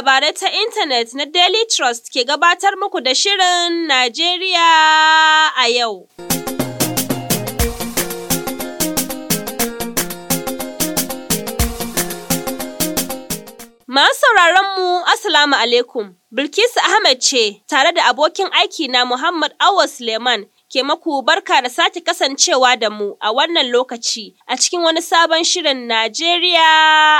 labarai ta intanet na Daily Trust ke gabatar muku da Shirin Najeriya a yau. Masu sauraron mu Assalamu alaikum. Bilkisu Ahmed ce tare da abokin aiki na Muhammad Awa Suleiman ke maku barka da sake kasancewa da mu a wannan lokaci a cikin wani sabon shirin Najeriya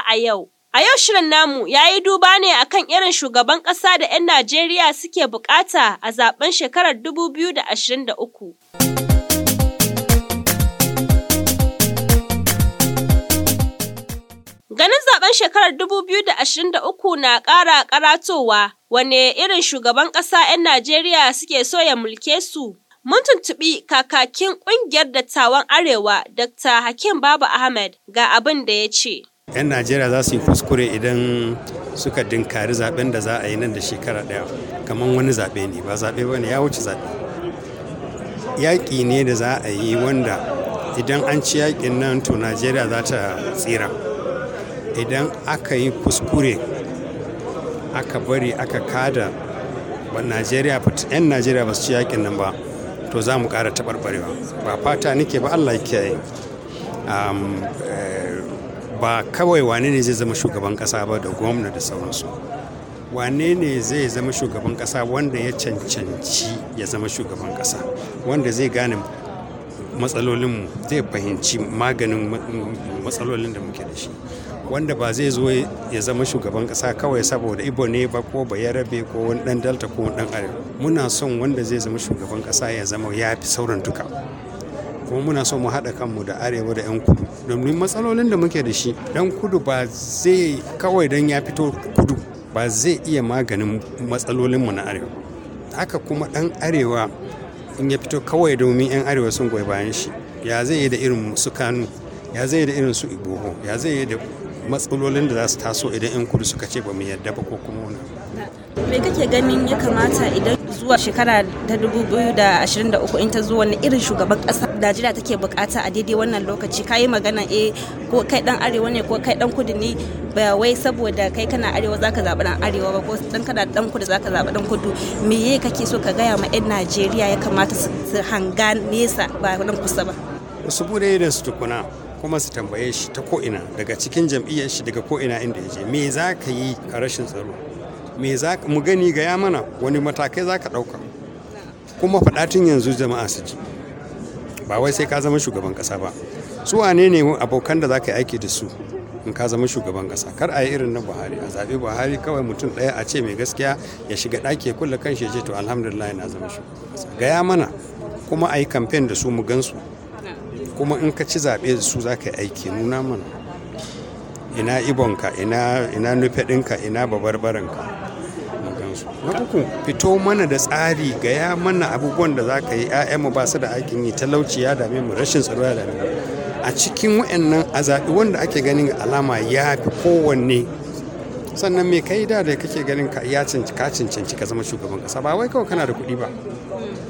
a yau. A yau shirin namu ya yi duba ne a kan irin shugaban ƙasa da ‘yan Najeriya suke buƙata a zaɓen shekarar 2023. Ganin zaɓen shekarar 2023 na ƙara ƙaratowa, wane irin shugaban ƙasa ‘yan Najeriya suke so ya mulke su? Mun tuntuɓi kakakin ƙungiyar dattawan Arewa, Dr. Hakim Baba Ahmed, ga abin da ya ce. 'yan najeriya za su yi kuskure idan suka dinkari zaben da za a yi nan da shekara daya kamar wani zaɓe ne ba zaɓe ba ne ya wuce zaɓe yaƙi ne da za a yi wanda idan an ci yaƙin nan to najeriya za ta tsira idan aka yi kuskure aka bari aka kada ba najeriya 'yan najeriya ba su ci yaƙin nan ba to za mu ƙara taɓarɓarewa ba fata nake ba allah ya kiyaye eh, ba kawai wane ne zai zama shugaban kasa ba da gwamna da sauransu wane ne zai zama shugaban kasa wanda ya cancanci ya zama shugaban kasa wanda zai gane matsalolinmu zai fahimci maganin matsalolin da muke da shi wanda ba zai zo ya zama shugaban kasa kawai saboda ibo ne ba ko ba yarabe ko wani dan delta ko wani dan arewa muna son wanda zai zama shugaban kasa ya zama ya fi sauran duka kuma muna son mu haɗa kanmu da arewa da 'yan kudu domin matsalolin da muke da shi dan kudu ba zai kawai dan ya fito kudu ba zai iya maganin matsalolinmu na arewa haka kuma dan arewa in ya fito kawai domin 'yan arewa sun goyi bayan shi ya zai yi da irin su kanu ya zai yi da irin su iboho ya zai yi da matsalolin da za su taso idan 'yan kudu suka ce ba mu yadda ba ko kuma wani me kake ganin ya kamata idan zuwa shekara ta 2023 in ta zuwa wani irin shugaban kasa Najeriya take bukata a daidai wannan lokaci kayi magana eh ko kai dan arewa ne ko kai dan kudu ne ba wai saboda kai kana arewa zaka zaɓi dan arewa ba ko dan kana dan kudu zaka zaɓi dan kudu me kake so ka gaya ma yan Najeriya ya kamata su hanga nesa ba nan kusa ba su bude da su tukuna kuma su tambaye shi ta ko'ina daga cikin jam'iyyar shi daga ko'ina inda ya je me za ka yi a rashin tsaro me za mu gani gaya mana wani matakai za ka ɗauka kuma faɗatin yanzu jama'a su ji ba wai sai ka zama shugaban ƙasa ba su wane ne abokan da za ka yi aiki da su in ka zama shugaban ƙasa kar a yi irin na buhari a zaɓi buhari kawai mutum ɗaya a ce mai gaskiya ya shiga ɗaki ya kulle kan shi ya ce to alhamdulillah na zama shugaban ƙasa gaya mana kuma a yi kamfen da su mu gansu kuma in ka ci zaɓe da su za ka yi aiki nuna mana ina ibonka ina ina ɗinka ina babarbaranka su na uku fito mana da tsari ga ya mana abubuwan da za ka yi ayyamu ba su da aikin yi talauci ya dame mu rashin tsaro ya dame mu a cikin wa'annan a zaɓi wanda ake ganin alama ya fi kowanne sannan me kai da da kake ganin ka ya ka cancanci ka zama shugaban kasa ba wai kawai kana da kuɗi ba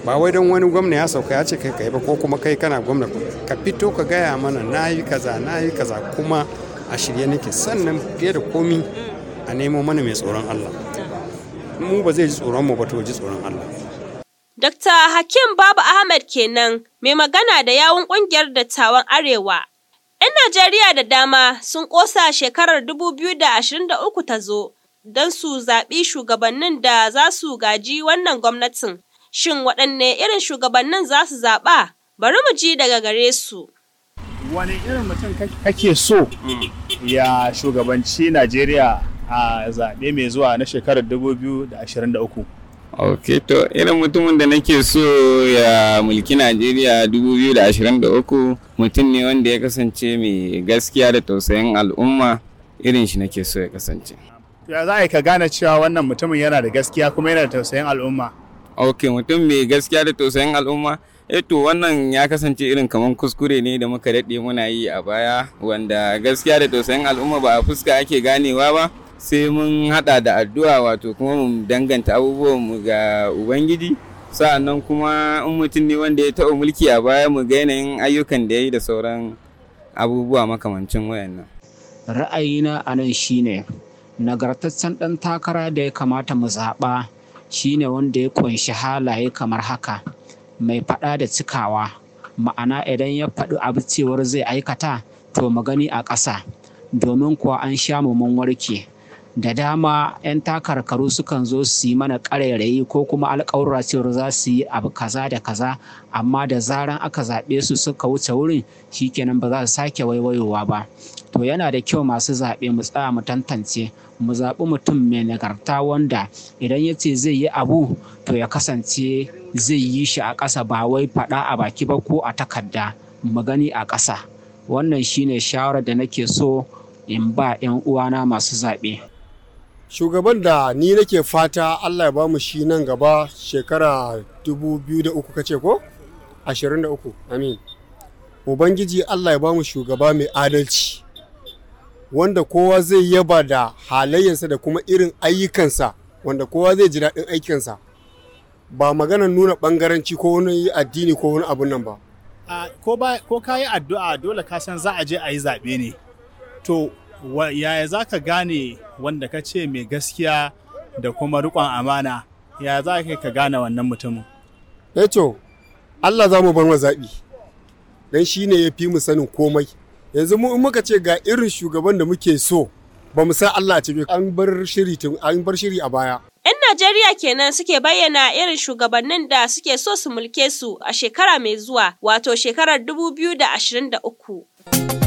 ba wai don wani gwamna ya sauka ya ce kai kai ba ko kuma kai kana gwamna ka fito ka gaya mana na yi kaza na yi kaza kuma a shirye nake sannan fiye da komi a nemo mana mai tsoron Allah mu ba zai ji tsoron mu ba to ji tsoron Allah Dr. Hakim Babu Ahmed kenan mai magana da yawun kungiyar dattawan Arewa 'Yan Najeriya da dama sun ƙosa shekarar 2023 ta zo don su zaɓi shugabannin da za su gaji wannan gwamnatin. Shin waɗanne irin shugabannin za su zaɓa? Bari mu ji daga gare su. Wani irin mutum kake so ya shugabanci Najeriya a zaɓe mai zuwa na shekarar 2023 ok to irin mutumin da nake so ya mulki najeriya 2023 mutum ne wanda ya kasance mai gaskiya da tausayin al'umma irin shi nake so ya kasance ya za a yi ka gane cewa wannan mutumin yana da gaskiya kuma yana da tausayin al'umma ok mutum mai gaskiya da tausayin al'umma eto eh wannan ya kasance irin kamar kuskure ne da muka daɗe muna yi a baya wanda gaskiya da tausayin al'umma ba a fuska ake ganewa ba sai mun hada da addu'a wato kuma mu danganta abubuwan mu ga ubangiji sa'annan kuma in mutum ne wanda ya taɓa mulki a baya mu ga yanayin ayyukan da ya yi da sauran abubuwa makamancin wayannan ra'ayina a nan shine nagartaccen ɗan takara da ya kamata mu zaɓa shine wanda ya ƙunshi halaye kamar haka mai faɗa da cikawa ma'ana idan ya faɗi abu cewar zai aikata to mu gani a ƙasa domin kuwa an sha mu mun warke da dama 'yan takarkaru sukan zo su yi mana ƙarairayi ko kuma alƙawura cewar za su yi abu kaza da kaza amma da zaran aka zaɓe su suka wuce wurin shikenan ba za su sake waiwayowa ba to yana da kyau masu zaɓe mu tsaya mu tantance mu zaɓi mutum mai nagarta wanda idan ya ce zai yi abu to ya kasance zai yi shi a ƙasa ba wai faɗa a baki ba ko a takarda mu gani a ƙasa wannan shine shawarar da nake so in ba 'yan uwana masu zaɓe. shugaban da ni nake fata allah ya bamu shi nan gaba shekara 2003 kace ko 23 amin ubangiji allah ya bamu shugaba mai adalci wanda kowa zai yaba da halayensa da kuma irin ayyukansa wanda kowa zai ji daɗin aikinsa ba magana nuna ɓangaranci ko wani addini ko wani abun nan ba ko ka yi addu'a dole ka san za a je a yi zaɓe ne to yaya za ka gane wanda ka ce mai gaskiya da kuma rikon amana ya za ka gane wannan mutumin eto eh allah za mu bar zaɓi don shi ne ya fi mu sanin komai yanzu mu muka ce ga irin shugaban da muke so ba mu san allah ce an bar shiri an bar shiri a baya 'Yan Najeriya kenan suke bayyana irin shugabannin da suke so su mulke su a shekara mai zuwa, wato shekarar 2023.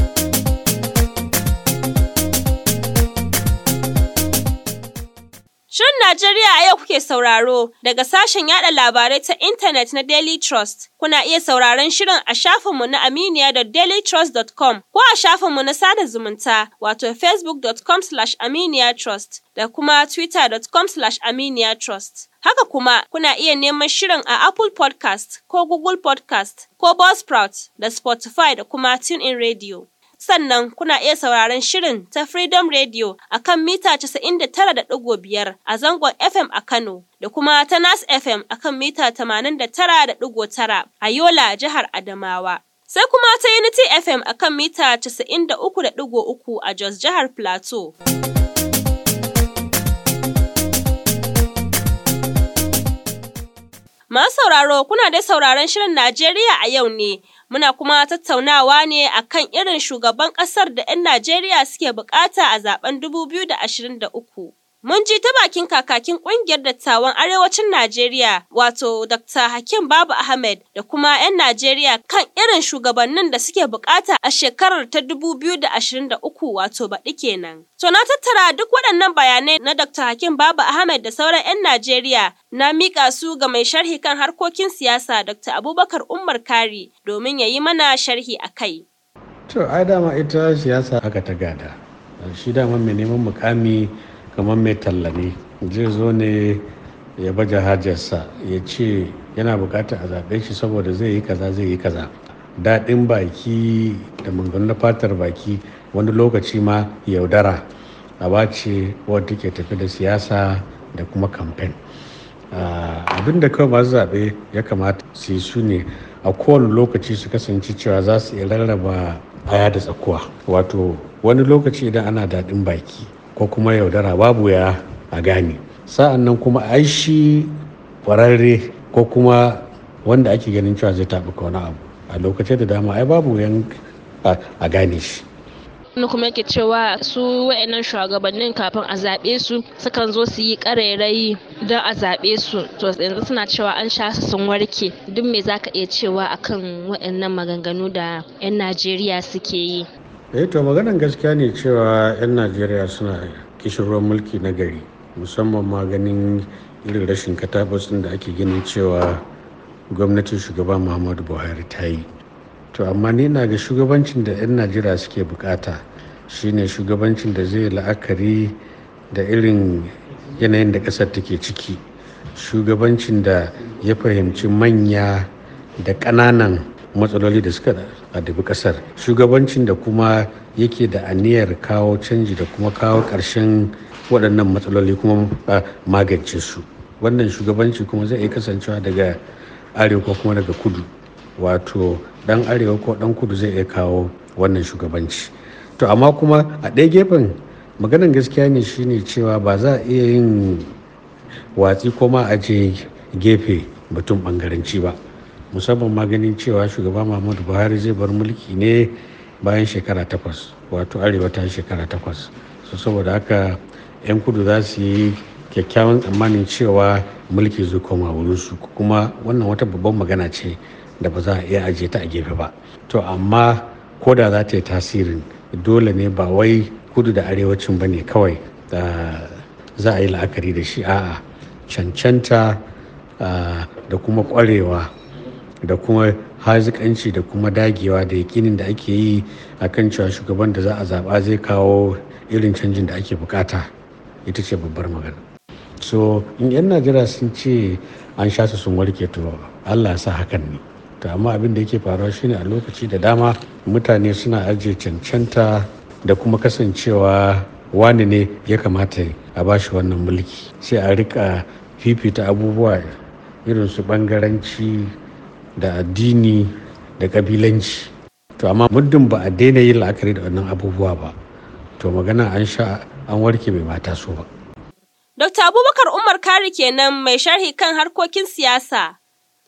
Shirin Najeriya a yau kuke sauraro daga sashen yada labarai ta intanet na Daily Trust. Kuna iya sauraron shirin a shafinmu na aminiya.dailytrust.com ko a shafinmu na sada zumunta wato facebookcom aminiyatrust da kuma twittercom aminiyatrust Haka kuma kuna iya neman shirin a Apple Podcast ko Google Podcast ko Buzzsprout da Spotify da kuma TuneIn Radio. Sannan kuna iya sauraron shirin ta Freedom Radio a kan mita 99.5 a zangon FM a Kano da kuma ta Nas FM a kan mita 89.9 a Yola, jihar Adamawa. Sai kuma ta Unity FM a kan mita 93.3 a Jos jihar Plateau. Masu sauraro kuna dai sauraron shirin Najeriya a yau ne Muna kuma tattaunawa ne akan irin shugaban ƙasar da ‘yan Najeriya suke buƙata a zaben 2023. Mun ji ta bakin kakakin ƙungiyar dattawan Arewacin Najeriya wato Dr. Hakim Babu Ahmed da kuma 'yan Najeriya kan irin shugabannin da suke bukata a shekarar ta 2023 wato baɗi kenan. To na tattara duk waɗannan bayanai na Dr. Hakim Babu Ahmed da sauran 'yan Najeriya na miƙa su ga mai sharhi kan harkokin siyasa Dr. Abubakar Umar Kari domin ya yi mana sharhi a kai. To ai dama ita siyasa aka ta gada. Shi dama mai neman mukami kamar mai talla ne zai zo ne ya baje hajarsa ya ce yana bukatar a zaɓe shi saboda zai yi kaza zai yi kaza daɗin baki da maganganu na fatar baki wani lokaci ma yaudara a ce wadda ke tafi da siyasa da kuma kamfen abin da kawai masu zaɓe ya kamata su yi su ne a kowane lokaci su kasance cewa za su iya rarraba aya da tsakuwa wato wani lokaci idan ana daɗin baki ko kuma yaudara babu ya a gane sa'an nan kuma ai shi ƙwararre ko kuma wanda ake ganin cewa zai taɓuka wani abu a lokacin da dama ai babu yan a gane shi wani kuma yake cewa su wa'annan shugabannin kafin a zaɓe su sukan zo su yi ƙarairayi don a zaɓe su to yanzu suna cewa an sha su sun warke duk me za ka iya cewa akan wa'annan maganganu da 'yan najeriya suke yi eh to maganan gaskiya ne cewa 'yan najeriya suna kishirwar mulki na gari musamman ma ganin irin rashin katabasin da ake ganin cewa gwamnatin shugaba muhammadu buhari ta yi to amma ni na ga shugabancin da 'yan najeriya suke bukata shine shugabancin da zai la'akari da irin yanayin da ƙasar take ciki shugabancin da ya fahimci manya da ƙananan matsaloli da suka adabi kasar shugabancin da kuma yake da aniyar kawo canji da kuma kawo ƙarshen waɗannan matsaloli kuma magance su wannan shugabanci kuma zai iya kasancewa daga arewa kuma daga kudu wato ɗan arewa ko ɗan kudu zai iya kawo wannan shugabanci to amma kuma a ɗaya gefen maganan gaskiya ne shine cewa ba za a iya yin watsi ko ma a je gefe mutum ɓangaranci ba musamman ma ganin cewa shugaba muhammadu buhari zai bar mulki ne bayan shekara takwas wato arewa ta shekara takwas so saboda haka 'yan kudu za su yi kyakkyawan tsammanin cewa mulki zai koma wurinsu kuma wannan wata babban magana ce da ba za a iya ajiye ta a gefe ba to amma ko da za ta yi tasirin dole ne ba wai kudu da arewacin ba ne kawai da za a yi la'akari da shi a'a cancanta ah, da kuma kwarewa da kuma hazikanci da kuma dagewa da yakinin da ake yi a kan cewa shugaban da za a zaba zai kawo irin canjin da ake bukata ita ce babbar magana so in yan najeriya sun ce an sha su sun warke to allah sa hakan ne to amma abin da yake faruwa shine a lokaci da dama mutane suna ajiye cancanta da kuma kasancewa wani ne ya kamata a bashi wannan mulki sai a rika fifita abubuwa irin su bangaranci da addini da ƙabilanci to amma muddin ba a daina yin la'akari da wannan abubuwa ba to magana an sha an warke mai mata so ba. Dr. Abubakar Umar Kari kenan mai sharhi kan harkokin siyasa.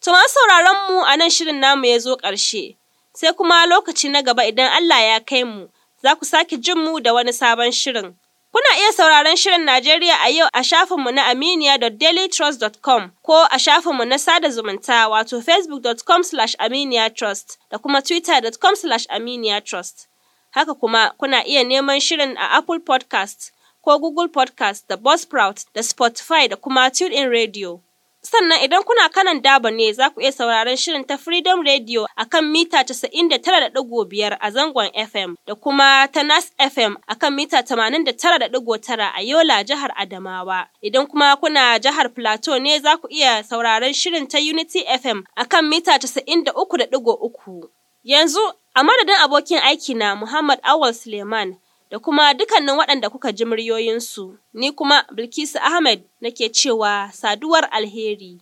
To ma sauraron mu a nan shirin namu ya zo ƙarshe. Sai kuma lokaci na gaba idan Allah ya kai mu, za ku sake jin mu da wani sabon shirin. Kuna iya sauraron Shirin Najeriya a Yau a shafinmu na aminiya.dailytrust.com ko a shafinmu na sada zumunta wato facebook.com/aminiyatrust da kuma twitter.com/aminiyatrust. Haka kuma kuna iya neman shirin a Apple podcast ko Google podcast da Buzzsprout da Spotify da kuma TuneIn Radio. Sannan idan kuna kanan daba ne za ku iya sauraron shirin ta Freedom Radio a kan mita 99.5 a zangon FM da kuma ta Nas FM a kan mita 89.9 a Yola jihar Adamawa. Idan kuma kuna jihar Plateau ne za ku iya sauraron shirin ta Unity FM a kan mita 93.3. Yanzu a madadin abokin aiki na Muhammad Awal Suleiman da kuma dukannin waɗanda kuka ji muryoyinsu, ni kuma Bilkisu Ahmed nake cewa saduwar alheri.